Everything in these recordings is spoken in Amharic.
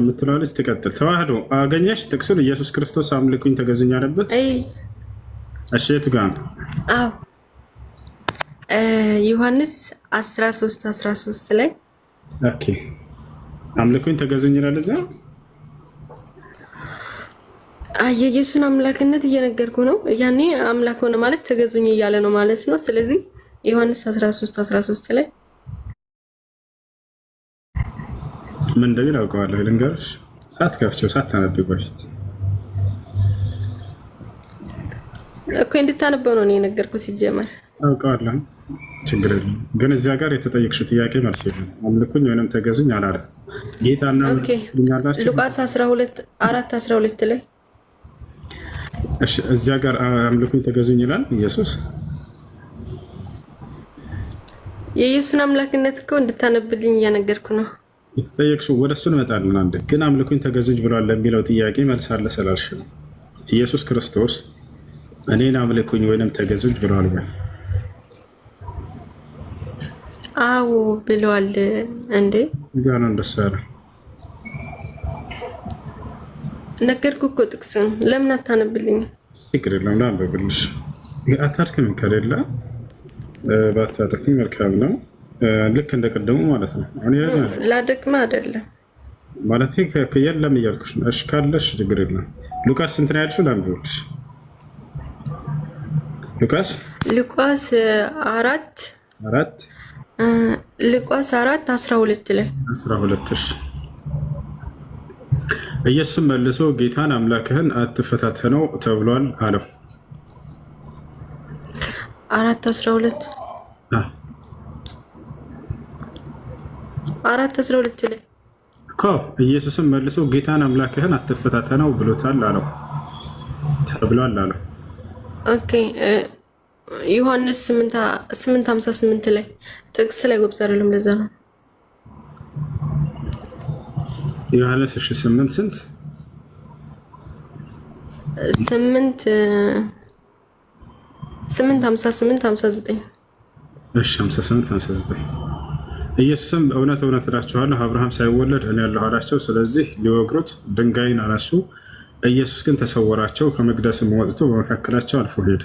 የምትለዋለች ትቀጥል። ተዋህዶ አገኘሽ ጥቅስን ኢየሱስ ክርስቶስ አምልኩኝ ተገዝኝ አለበት። እሺ የቱ ጋ ነው? አዎ ዮሐንስ 13 13 ላይ ኦኬ አምልኩኝ ተገዝኝ ይላል። እዛ የኢየሱስን አምላክነት እየነገርኩ ነው። ያኔ አምላክ ሆነ ማለት ተገዙኝ እያለ ነው ማለት ነው። ስለዚህ ዮሐንስ 13 13 ላይ ምን እንደሚል አውቀዋለሁ። ልንገርሽ ሳትከፍቺው ሳታነቢው በፊት እኮ እንድታነበው ነው እኔ የነገርኩት። ሲጀመር አውቀዋለሁ፣ ችግር የለም። ግን እዚያ ጋር የተጠየቅሽው ጥያቄ መልስ የለም። አምልኩኝ ወይንም ተገዙኝ አላለ ጌታና ላቸው ሉቃስ 4 12 ላይ እዚያ ጋር አምልኩኝ ተገዙኝ ይላል ኢየሱስ። የኢየሱስን አምላክነት እኮ እንድታነብልኝ እያነገርኩ ነው የተጠየቅሽው ወደ እሱ እንመጣለን። አንዴ ግን አምልኩኝ ተገዙኝ ብሏል ለሚለው ጥያቄ መልሳለ ስላልሽ ነው። ኢየሱስ ክርስቶስ እኔን አምልኩኝ ወይንም ተገዙኝ ብሏል ወይ? አዎ ብሏል። እንዴ ጋ ነው እንደሳለ ያለ ነገርኩህ እኮ ጥቅሱን ለምን አታነብልኝ? ችግር የለም ላንብብልሽ። አታድክም ከሌለ ባታጠፊ መልካም ነው። ልክ እንደ ቅድሙ ማለት ነው። አሁን ላደግማ አይደለም ማለት ከየለም እያልኩሽ ነው። እሽ ካለሽ ችግር የለም። ሉቃስ ስንት ነው ያልሽው? ላንብብልሽ። ሉቃስ ሉቃስ አራት አራት ሉቃስ አራት አስራ ሁለት ላይ አስራ ሁለት እሺ ኢየሱስም መልሶ ጌታን አምላክህን አትፈታተነው ተብሏል አለው። አራት አስራ ሁለት አራት አስራ ሁለት ላይ እኮ ኢየሱስም መልሶ ጌታን አምላክህን አትፈታተነው ብሎታል አለው ተብሏል አለው። ኦኬ ዮሐንስ ስምንት ሀምሳ ስምንት ላይ ጥቅስ ላይ ጎብዝ አይደለም። ለዛ ነው ዮሐንስ እሺ ስምንት ስንት ስምንት ስምንት ሀምሳ ስምንት ሀምሳ ዘጠኝ እሺ ሀምሳ ስምንት ሀምሳ ዘጠኝ ኢየሱስም እውነት እውነት እላችኋለሁ አብርሃም ሳይወለድ እኔ ያለሁ አላቸው። ስለዚህ ሊወግሩት ድንጋይን አነሱ። ኢየሱስ ግን ተሰወራቸው፣ ከመቅደስም ወጥቶ በመካከላቸው አልፎ ሄደ።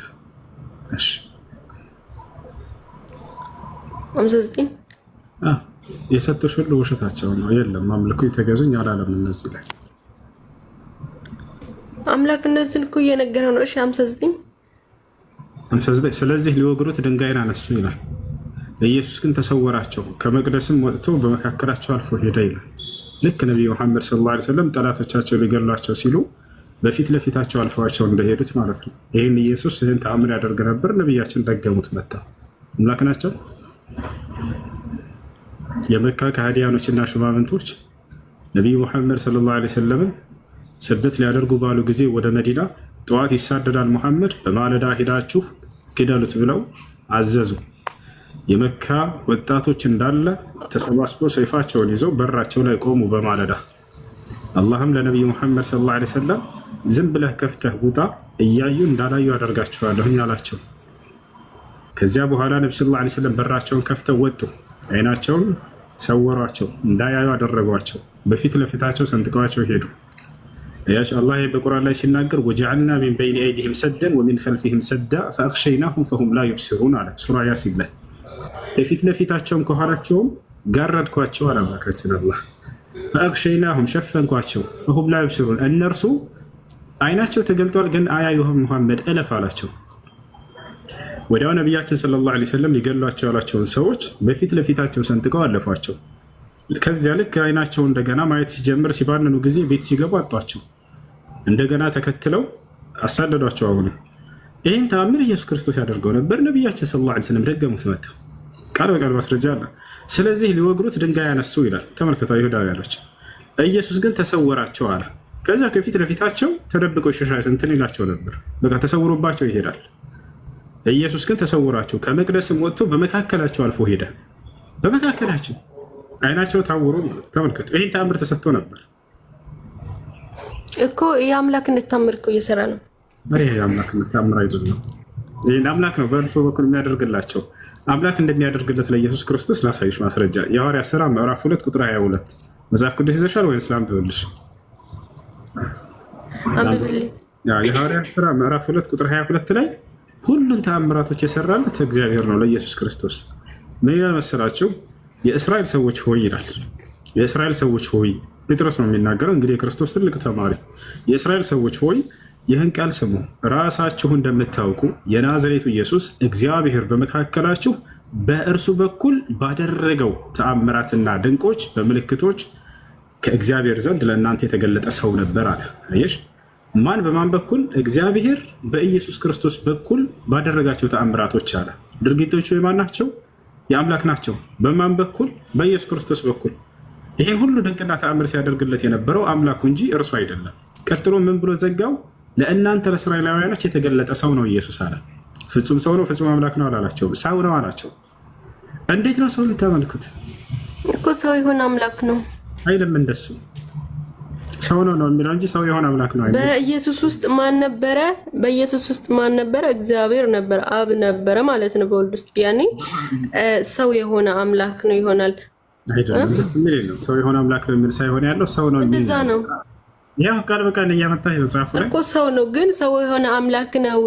የሰጡሽ ሁሉ ውሸታቸው ነው። የለም አምልኩ የተገዙኝ አላለም። እነዚህ ላይ አምላክነትን እኮ እየነገረ ነው። እሺ 59 59 ስለዚህ ሊወግሩት ድንጋይን አነሱ ይላል ለኢየሱስ ግን ተሰወራቸው፣ ከመቅደስም ወጥቶ በመካከላቸው አልፎ ሄደ ይላል። ልክ ነቢዩ መሐመድ ሰለላሁ ዓለይሂ ወሰለም ጠላቶቻቸው ሊገሏቸው ሲሉ በፊት ለፊታቸው አልፈዋቸው እንደሄዱት ማለት ነው። ይህን ኢየሱስ ይህን ተአምር ያደርግ ነበር። ነቢያችን ደገሙት። መታ አምላክ ናቸው። የመካ ከሃዲያኖችና ሹማምንቶች ነቢዩ ሙሐመድ ሰለላሁ ዓለይሂ ወሰለምን ስደት ሊያደርጉ ባሉ ጊዜ ወደ መዲና ጠዋት ይሳደዳል ሙሐመድ፣ በማለዳ ሂዳችሁ ግደሉት ብለው አዘዙ። የመካ ወጣቶች እንዳለ ተሰባስቦ ሰይፋቸውን ይዘው በራቸው ላይ ቆሙ በማለዳ። አላህም ለነቢዩ ሙሐመድ ሰለላሁ ዓለይሂ ወሰለም ዝም ብለህ ከፍተህ ውጣ እያዩ እንዳላዩ አደርጋችኋለሁኝ አላቸው። ከዚያ በኋላ ነቢ ሰለላሁ ዓለይሂ ወሰለም በራቸውን ከፍተው ወጡ። አይናቸውን ሰወሯቸው፣ እንዳያዩ አደረጓቸው። በፊት ለፊታቸው ሰንጥቀዋቸው ሄዱ። ያሽ አላህ በቁርአን ላይ ሲናገር ወጀዐልና ሚን በይን አይዲህም ሰደን ወሚን ከልፊህም ሰዳ ፈአግሸይናሁም ፈሁም ላ ዩብሲሩን አለ ሱራ ያሲን ላይ የፊት ለፊታቸውም ከኋላቸውም ጋረድኳቸው። አላማካችን አላህ ፈአግሸይናሁም ሸፈንኳቸው። ፈሁም ላ ዩብሲሩን እነርሱ አይናቸው ተገልጧል፣ ግን አያዩህም። መሐመድ እለፍ አላቸው። ወዲያው ነቢያችን ሰለላሁ ዓለይሂ ወሰለም ሊገሏቸው ያሏቸውን ሰዎች በፊት ለፊታቸው ሰንጥቀው አለፏቸው። ከዚያ ልክ አይናቸው እንደገና ማየት ሲጀምር ሲባንኑ ጊዜ ቤት ሲገቡ አጧቸው። እንደገና ተከትለው አሳደዷቸው። አሁንም ይህን ተአምር ኢየሱስ ክርስቶስ ያደርገው ነበር። ነቢያችን ሰለላሁ ዓለይሂ ወሰለም ደገሙት መጥተው ቃል በቃል ማስረጃ አለ። ስለዚህ ሊወግሩት ድንጋይ ያነሱ ይላል። ተመልከቱ አይሁዳውያኖች። ኢየሱስ ግን ተሰወራቸው አለ። ከዚያ ከፊት ለፊታቸው ተደብቆ ይሸሻል፣ እንትን ይላቸው ነበር። በቃ ተሰውሮባቸው ይሄዳል። ኢየሱስ ግን ተሰውራቸው፣ ከመቅደስም ወጥቶ በመካከላቸው አልፎ ሄደ። በመካከላቸው አይናቸው ታውሮ ተመልከቱ። ይህን ተአምር ተሰጥቶ ነበር እኮ የአምላክነት ታምር እኮ እየሰራ ነው። ይሄ የአምላክነት ታምር አይደለም። ይህን አምላክ ነው በእርሱ በኩል የሚያደርግላቸው አምላክ እንደሚያደርግለት ለኢየሱስ ክርስቶስ ላሳይሽ ማስረጃ የሐዋርያት ስራ ምዕራፍ ሁለት ቁጥር 22 መጽሐፍ ቅዱስ ይዘሻል ወይስ ላንብብልሽ? የሐዋርያት ስራ ምዕራፍ ሁለት ቁጥር 22 ላይ ሁሉን ተአምራቶች የሰራለት እግዚአብሔር ነው ለኢየሱስ ክርስቶስ ምን ይላል መሰላችሁ? የእስራኤል ሰዎች ሆይ ይላል። የእስራኤል ሰዎች ሆይ ጴጥሮስ ነው የሚናገረው እንግዲህ የክርስቶስ ትልቅ ተማሪ የእስራኤል ሰዎች ሆይ ይህን ቃል ስሙ። ራሳችሁ እንደምታውቁ የናዝሬቱ ኢየሱስ እግዚአብሔር በመካከላችሁ በእርሱ በኩል ባደረገው ተአምራትና ድንቆች በምልክቶች ከእግዚአብሔር ዘንድ ለእናንተ የተገለጠ ሰው ነበር አለ። አየሽ፣ ማን በማን በኩል? እግዚአብሔር በኢየሱስ ክርስቶስ በኩል ባደረጋቸው ተአምራቶች አለ። ድርጊቶቹ የማን ናቸው? የአምላክ ናቸው። በማን በኩል? በኢየሱስ ክርስቶስ በኩል። ይሄን ሁሉ ድንቅና ተአምር ሲያደርግለት የነበረው አምላኩ እንጂ እርሱ አይደለም። ቀጥሎ ምን ብሎ ዘጋው? ለእናንተ ለእስራኤላውያኖች የተገለጠ ሰው ነው ኢየሱስ አለ። ፍጹም ሰው ነው፣ ፍጹም አምላክ ነው አላላቸውም። ሰው ነው አላቸው። እንዴት ነው ሰው ልታመልኩት እኮ ሰው ይሁን አምላክ ነው አይልም። እንደሱ ሰው ነው ነው የሚለው እንጂ ሰው የሆነ አምላክ ነው። በኢየሱስ ውስጥ ማን ነበረ? በኢየሱስ ውስጥ ማን ነበረ? እግዚአብሔር ነበረ፣ አብ ነበረ ማለት ነው። በወልድ ውስጥ ያኔ ሰው የሆነ አምላክ ነው ይሆናል። ሰው የሆነ አምላክ ነው የሚል ሳይሆን ያለው ሰው ነው ነው ያው ቃል በቃል እያመጣ የመጽሐፉ ላይ እኮ ሰው ነው፣ ግን ሰው የሆነ አምላክ ነው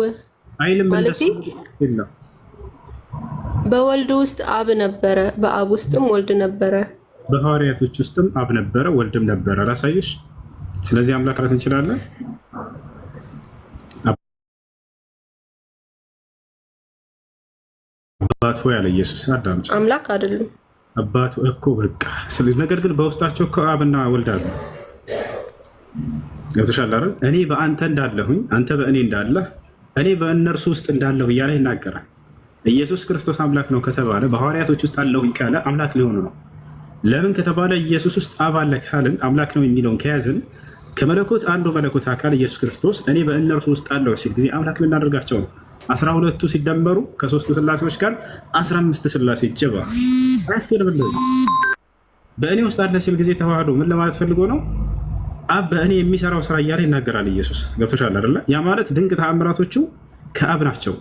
አይልም። ማለት በወልድ ውስጥ አብ ነበረ፣ በአብ ውስጥም ወልድ ነበረ፣ በሐዋርያቶች ውስጥም አብ ነበረ፣ ወልድም ነበረ። ላሳየሽ። ስለዚህ አምላክ ረት እንችላለን። አባት ሆይ አለ ኢየሱስ። አዳምጪ። አምላክ አይደለም አባት እኮ በቃ። ነገር ግን በውስጣቸው ከአብና ወልድ አለ ገብተሻል እኔ በአንተ እንዳለሁኝ አንተ በእኔ እንዳለህ እኔ በእነርሱ ውስጥ እንዳለሁ እያለ ይናገራል። ኢየሱስ ክርስቶስ አምላክ ነው ከተባለ በሐዋርያቶች ውስጥ አለሁኝ ካለ አምላክ ሊሆኑ ነው። ለምን ከተባለ ኢየሱስ ውስጥ አብ አለ ካልን አምላክ ነው የሚለውን ከያዝን ከመለኮት አንዱ መለኮት አካል ኢየሱስ ክርስቶስ እኔ በእነርሱ ውስጥ አለሁ ሲል ጊዜ አምላክ ልናደርጋቸው ነው። አስራ ሁለቱ ሲደመሩ ከሶስቱ ስላሴዎች ጋር አስራ አምስት ስላሴ ይጀባ አያስኬድም። በእኔ ውስጥ አለ ሲል ጊዜ ተዋህዶ ምን ለማለት ፈልጎ ነው? አብ በእኔ የሚሰራው ስራ እያለ ይናገራል ኢየሱስ። ገብቶሻል አይደለ? ያ ማለት ድንቅ ተአምራቶቹ ከአብ ናቸው።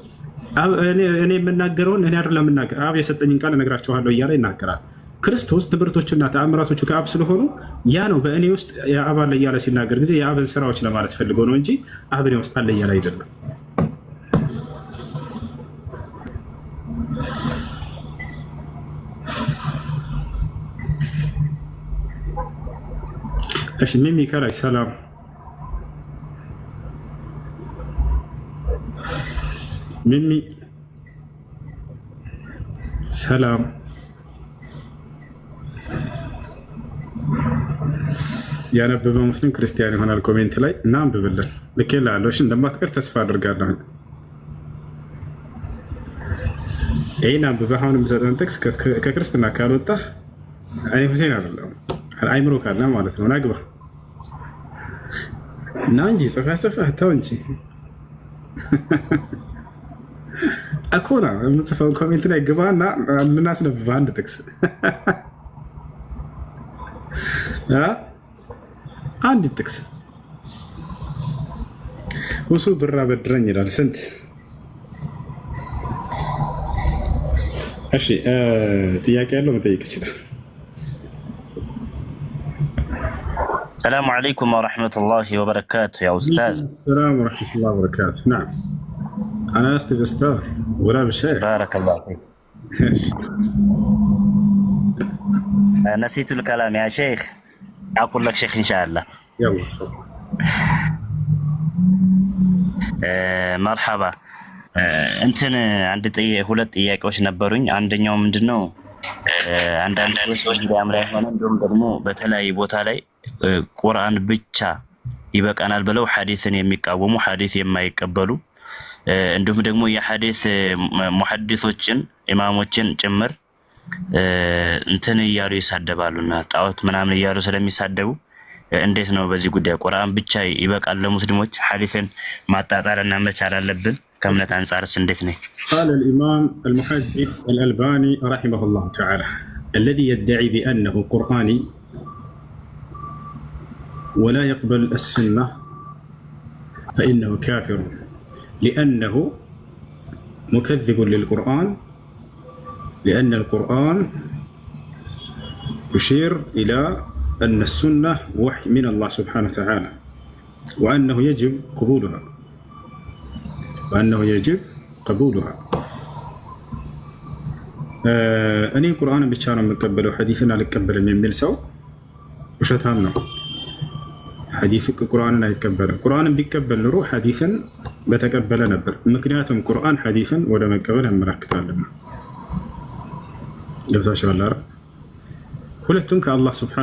እኔ የምናገረውን እኔ አይደለም የምናገር አብ የሰጠኝን ቃል እነግራችኋለሁ እያለ ይናገራል። ክርስቶስ ትምህርቶቹና ተአምራቶቹ ከአብ ስለሆኑ ያ ነው በእኔ ውስጥ የአብ አለ እያለ ሲናገር ጊዜ የአብን ስራዎች ለማለት ፈልጎ ነው እንጂ አብ እኔ ውስጥ አለ እያለ አይደለም። እሺ ሚሚ ከላይ ሰላም ሚሚ ሰላም ያነበበ ሙስሊም ክርስቲያን ይሆናል። ኮሜንት ላይ እና አንብብልን ልኬ ላለሁ እሺ፣ እንደማትቀር ተስፋ አድርጋለሁ። ይህን አንብበህ አሁን የምሰጠን ጥቅስ ከክርስትና ካልወጣ እኔ ሁሴን አይደለም አይምሮ ካለ ማለት ነው። ናግባ ና እንጂ ጽፋ ጽፋ ታው እንጂ አኮና የምጽፈውን ኮሜንት ላይ ግባ እና የምናስነብበ አንድ ጥቅስ አንድ ጥቅስ ውሱ ብራ በድረኝ ይላል። ስንት? እሺ ጥያቄ ያለው መጠየቅ ይችላል። ሰላሙ አለይኩም ወረሕመቱላሂ ወበረካቱ። ያ ኡስታዝ ሰላም ወረሕመቱላሂ ወበረካቱ። ናም አና አስቲቭ ኡስታዝ ወላ ብሸይ ባረከላሁ ፊክ ነሲቱል ከላም ያ ሼክ አቁል ለክ ሼክ ኢንሻአላህ መርሐባ። እንትን አንድ ሁለት ጥያቄዎች ነበሩኝ። አንደኛው ምንድን ነው አንዳንድ ሰዎች እንደ አምራ የሆነ እንዲሁም ደግሞ በተለያዩ ቦታ ላይ ቁርአን ብቻ ይበቃናል ብለው ሐዲስን የሚቃወሙ ሐዲስ የማይቀበሉ እንዲሁም ደግሞ የሐዲስ ሙሐዲሶችን ኢማሞችን ጭምር እንትን እያሉ ይሳደባሉና ጣዖት ምናምን እያሉ ስለሚሳደቡ እንዴት ነው በዚህ ጉዳይ ቁርአን ብቻ ይበቃል ለሙስሊሞች ሐዲስን እና መቻል አለብን? ከእምነት አንጻርስ እንዴት ነው? ቃለ المحدث አልሙሐዲስ رحمه الله ተዓላ الذي يدعي بأنه قرآني ولا يقبل السنة فإنه كافر لأنه مكذب للقرآن لأن القرآن يشير إلى أن السنة وحي من الله سبحانه وتعالى وأنه يجب قبولها وأنه يجب قبولها آه، أني القرآن بشارة ነው وحديثنا ሐዲስን من ملسو وشتهمنا ሐዲስ ቁርአንን አይቀበልም። ቁርአንን ቢቀበል ኑሮ ሐዲስን በተቀበለ ነበር። ምክንያቱም ቁርአን ሐዲስን ወደ መቀበል ያመላክታልና ገብታችኋል። ሁለቱም ከአላህ ስብሐ